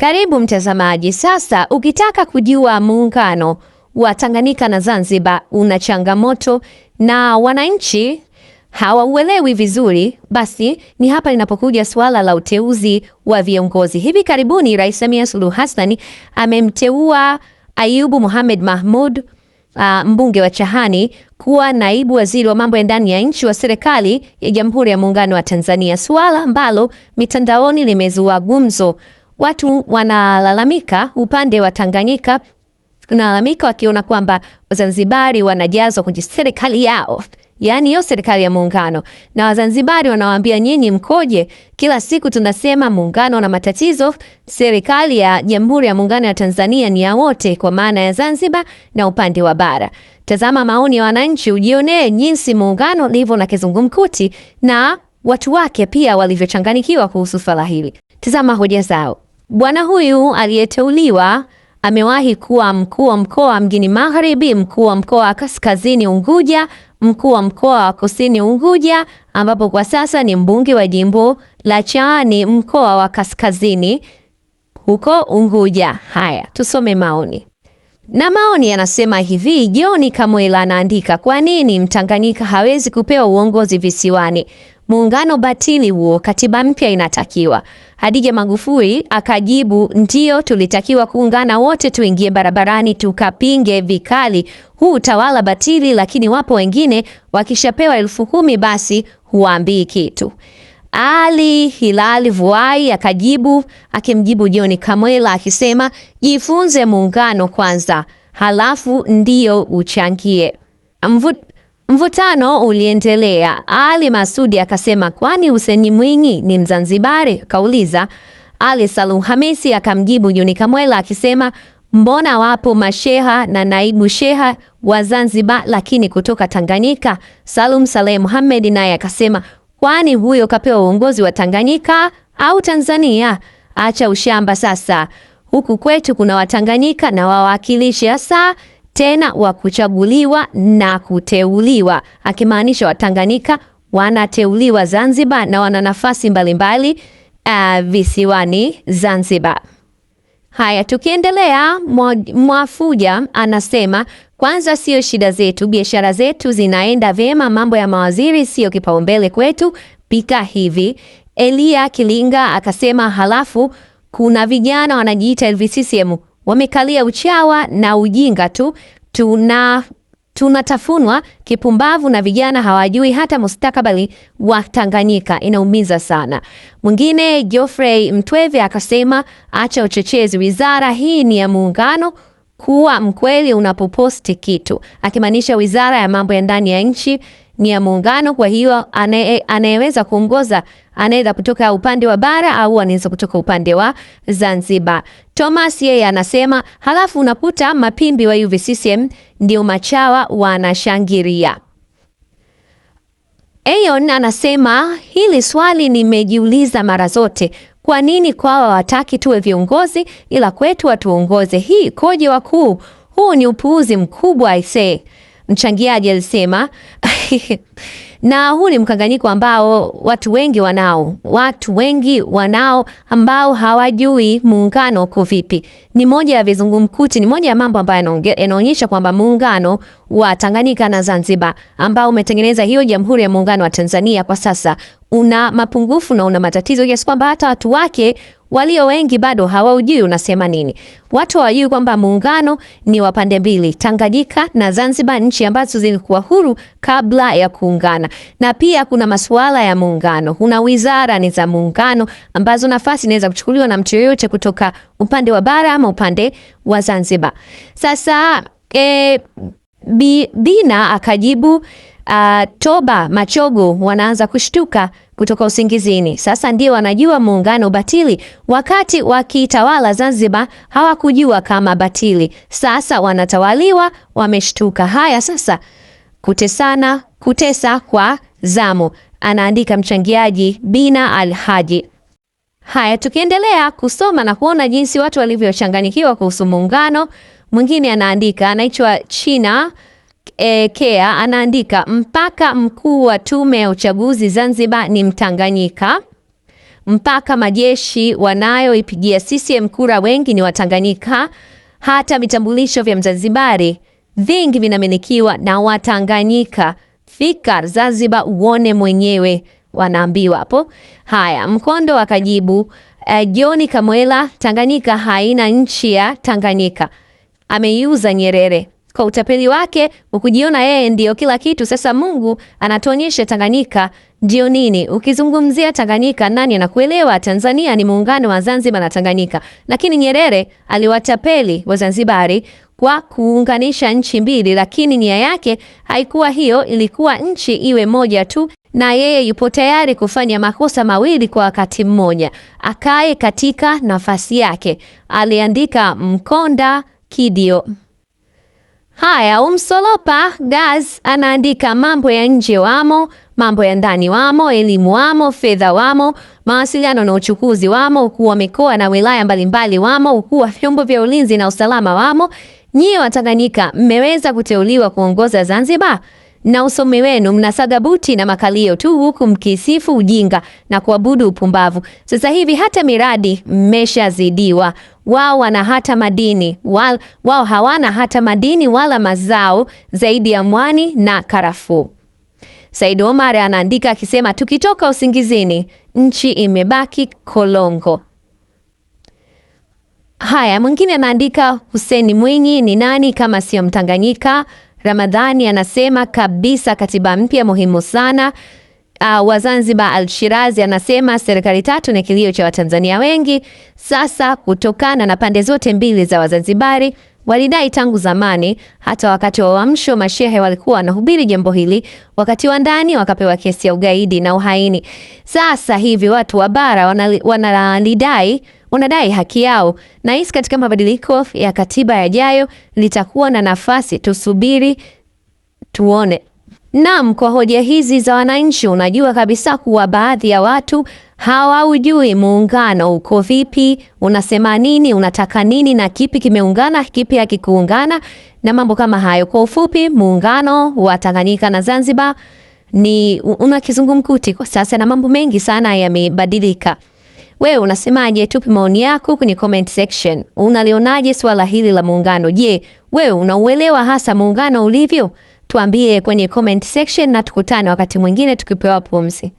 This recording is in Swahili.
Karibu mtazamaji. Sasa ukitaka kujua muungano wa Tanganyika na Zanzibar una changamoto na wananchi hawauelewi vizuri, basi ni hapa linapokuja suala la uteuzi wa viongozi. Hivi karibuni Rais Samia Suluhu Hassan amemteua Ayubu Mohamed Mahmud Uh, mbunge wa Chahani kuwa naibu waziri wa mambo ya ndani ya nchi wa serikali ya Jamhuri ya Muungano wa Tanzania, suala ambalo mitandaoni limezua gumzo watu wanalalamika upande wa Tanganyika tunalalamika wakiona kwamba Wazanzibari wanajazwa kwenye serikali yao, yaani hiyo serikali ya muungano, na Wazanzibari wanawaambia nyinyi mkoje? Kila siku tunasema muungano na matatizo. Serikali ya Jamhuri ya Muungano ya Tanzania ni ya wote, kwa maana ya Zanzibar na upande wa bara. Tazama maoni ya wananchi, ujionee jinsi muungano ulivyo na kizungumkuti na watu wake pia walivyochanganikiwa kuhusu swala hili. Tazama hoja zao. Bwana huyu aliyeteuliwa amewahi kuwa mkuu wa mkoa mjini Magharibi, mkuu wa mkoa wa Kaskazini Unguja, mkuu wa mkoa wa Kusini Unguja, ambapo kwa sasa ni mbunge wa jimbo la Chaani, mkoa wa Kaskazini huko Unguja. Haya, tusome maoni na maoni yanasema hivi. Joni Kamwela anaandika, kwa nini Mtanganyika hawezi kupewa uongozi visiwani? muungano batili huo, katiba mpya inatakiwa. Hadija Magufuli akajibu, ndio tulitakiwa kuungana wote, tuingie barabarani tukapinge vikali huu utawala batili, lakini wapo wengine wakishapewa elfu kumi basi huambii kitu. Ali Hilali Vuai akajibu akimjibu John Kamwela akisema, jifunze muungano kwanza, halafu ndio uchangie Mvut Mvutano uliendelea. Ali Masudi akasema kwani Hussein Mwinyi ni Mzanzibari? Kauliza. Ali Salum Hamisi akamjibu Juni Kamwela akisema mbona wapo masheha na naibu sheha wa Zanzibar lakini kutoka Tanganyika. Salum Saleh Muhammad naye akasema kwani huyo kapewa uongozi wa Tanganyika au Tanzania? Acha ushamba sasa, huku kwetu kuna Watanganyika na wawakilishi hasa tena wa kuchaguliwa na kuteuliwa, akimaanisha Watanganyika wanateuliwa Zanzibar na wana nafasi mbalimbali uh, visiwani Zanzibar. Haya, tukiendelea, Mwafuja anasema kwanza, sio shida zetu, biashara zetu zinaenda vyema, mambo ya mawaziri sio kipaumbele kwetu, pika hivi. Elia Kilinga akasema halafu kuna vijana wanajiita LVCCM wamekalia uchawa na ujinga tu, tuna tunatafunwa kipumbavu na vijana hawajui hata mustakabali wa Tanganyika. Inaumiza sana. Mwingine Geoffrey Mtweve akasema acha uchochezi, wizara hii ni ya muungano, kuwa mkweli unapoposti kitu, akimaanisha wizara ya mambo ya ndani ya nchi ni ya muungano. Kwa hiyo anayeweza kuongoza anaweza kutoka upande wa bara au anaweza kutoka upande wa Zanzibar. Thomas yeye anasema, halafu unakuta mapimbi wa UVCCM ndio machawa wanashangiria. Ayon anasema hili swali nimejiuliza mara zote, kwa nini kwao hawataki tuwe viongozi ila kwetu watuongoze? Hii koje wakuu? Huu ni upuuzi mkubwa aisee. Mchangiaji alisema na huu ni mkanganyiko ambao watu wengi wanao, watu wengi wanao ambao hawajui muungano uko vipi. Ni moja ya vizungumkuti, ni moja ya mambo ambayo yanaonyesha kwamba muungano wa Tanganyika na Zanzibar ambao umetengeneza hiyo Jamhuri ya Muungano wa Tanzania kwa sasa una mapungufu na una matatizo kiasi kwamba hata watu wake walio wengi bado hawaujui unasema nini. Watu hawajui kwamba muungano ni wa pande mbili, Tanganyika na Zanzibar, nchi ambazo zilikuwa huru kabla ya kuungana. Na pia kuna masuala ya muungano, kuna wizara ni za muungano ambazo nafasi inaweza kuchukuliwa na mtu yoyote kutoka upande wa bara ama upande wa Zanzibar. Sasa e, Bina akajibu uh, Toba Machogo wanaanza kushtuka kutoka usingizini. Sasa ndio wanajua muungano batili. Wakati wakitawala Zanzibar hawakujua kama batili, sasa wanatawaliwa, wameshtuka. Haya sasa, kutesana, kutesa kwa zamu, anaandika mchangiaji Bina Alhaji. Haya, tukiendelea kusoma na kuona jinsi watu walivyochanganyikiwa kuhusu muungano. Mwingine anaandika anaitwa China e, Kea anaandika mpaka mkuu wa tume ya uchaguzi Zanzibar ni Mtanganyika, mpaka majeshi wanayoipigia CCM kura wengi ni Watanganyika, hata vitambulisho vya Mzanzibari vingi vinamilikiwa na Watanganyika. Fika Zanzibar uone mwenyewe, wanaambiwa hapo. Haya, Mkondo akajibu eh, Joni Kamwela, Tanganyika haina nchi ya Tanganyika, ameiuza Nyerere kwa utapeli wake wa kujiona yeye ndiyo kila kitu. Sasa Mungu anatuonyesha Tanganyika ndio nini. Ukizungumzia Tanganyika, nani anakuelewa? Tanzania ni muungano wa Zanzibar na Tanganyika, lakini Nyerere aliwatapeli Wazanzibari kwa kuunganisha nchi mbili, lakini nia yake haikuwa hiyo. Ilikuwa nchi iwe moja tu, na yeye yupo tayari kufanya makosa mawili kwa wakati mmoja, akae katika nafasi yake. Aliandika Mkonda Kidio. Haya, Umsolopa Gaz anaandika mambo ya nje wamo, mambo ya ndani wamo, elimu wamo, fedha wamo, mawasiliano na uchukuzi wamo, ukuu wa mikoa na wilaya mbalimbali wamo, ukuu wa vyombo vya ulinzi na usalama wamo. Nyie Watanganyika mmeweza kuteuliwa kuongoza Zanzibar na usomi wenu mnasaga buti na makalio tu, huku mkisifu ujinga na kuabudu upumbavu. Sasa hivi hata miradi mmeshazidiwa, wao wana hata madini wao, wao hawana hata madini wala mazao zaidi ya mwani na karafuu. Said Omar anaandika akisema, tukitoka usingizini nchi imebaki kolongo. Haya, mwingine anaandika Hussein Mwinyi ni nani kama sio Mtanganyika? Ramadhani anasema kabisa, katiba mpya muhimu sana. Uh, wa Zanzibar Alshirazi anasema serikali tatu ni kilio cha Watanzania wengi sasa, kutokana na pande zote mbili za Wazanzibari walidai tangu zamani. Hata wakati wa uamsho mashehe walikuwa wanahubiri jambo hili, wakati wa ndani wakapewa kesi ya ugaidi na uhaini. Sasa hivi watu wa bara wanalidai wana wanadai haki yao. Nahisi katika mabadiliko ya katiba yajayo litakuwa na nafasi, tusubiri tuone. Naam, kwa hoja hizi za wananchi, unajua kabisa kuwa baadhi ya watu hawaujui muungano uko vipi, unasema nini, unataka nini, na kipi kimeungana, kipi hakikuungana na mambo kama hayo. Kwa ufupi, muungano wa Tanganyika na Zanzibar ni una kizungumkuti kwa sasa na mambo mengi sana yamebadilika. Wewe unasemaje? Tupe maoni yako kwenye comment section. Unalionaje swala hili la muungano? Je, wewe unauelewa hasa muungano ulivyo? Tuambie kwenye comment section na tukutane wakati mwingine tukipewa pumzi.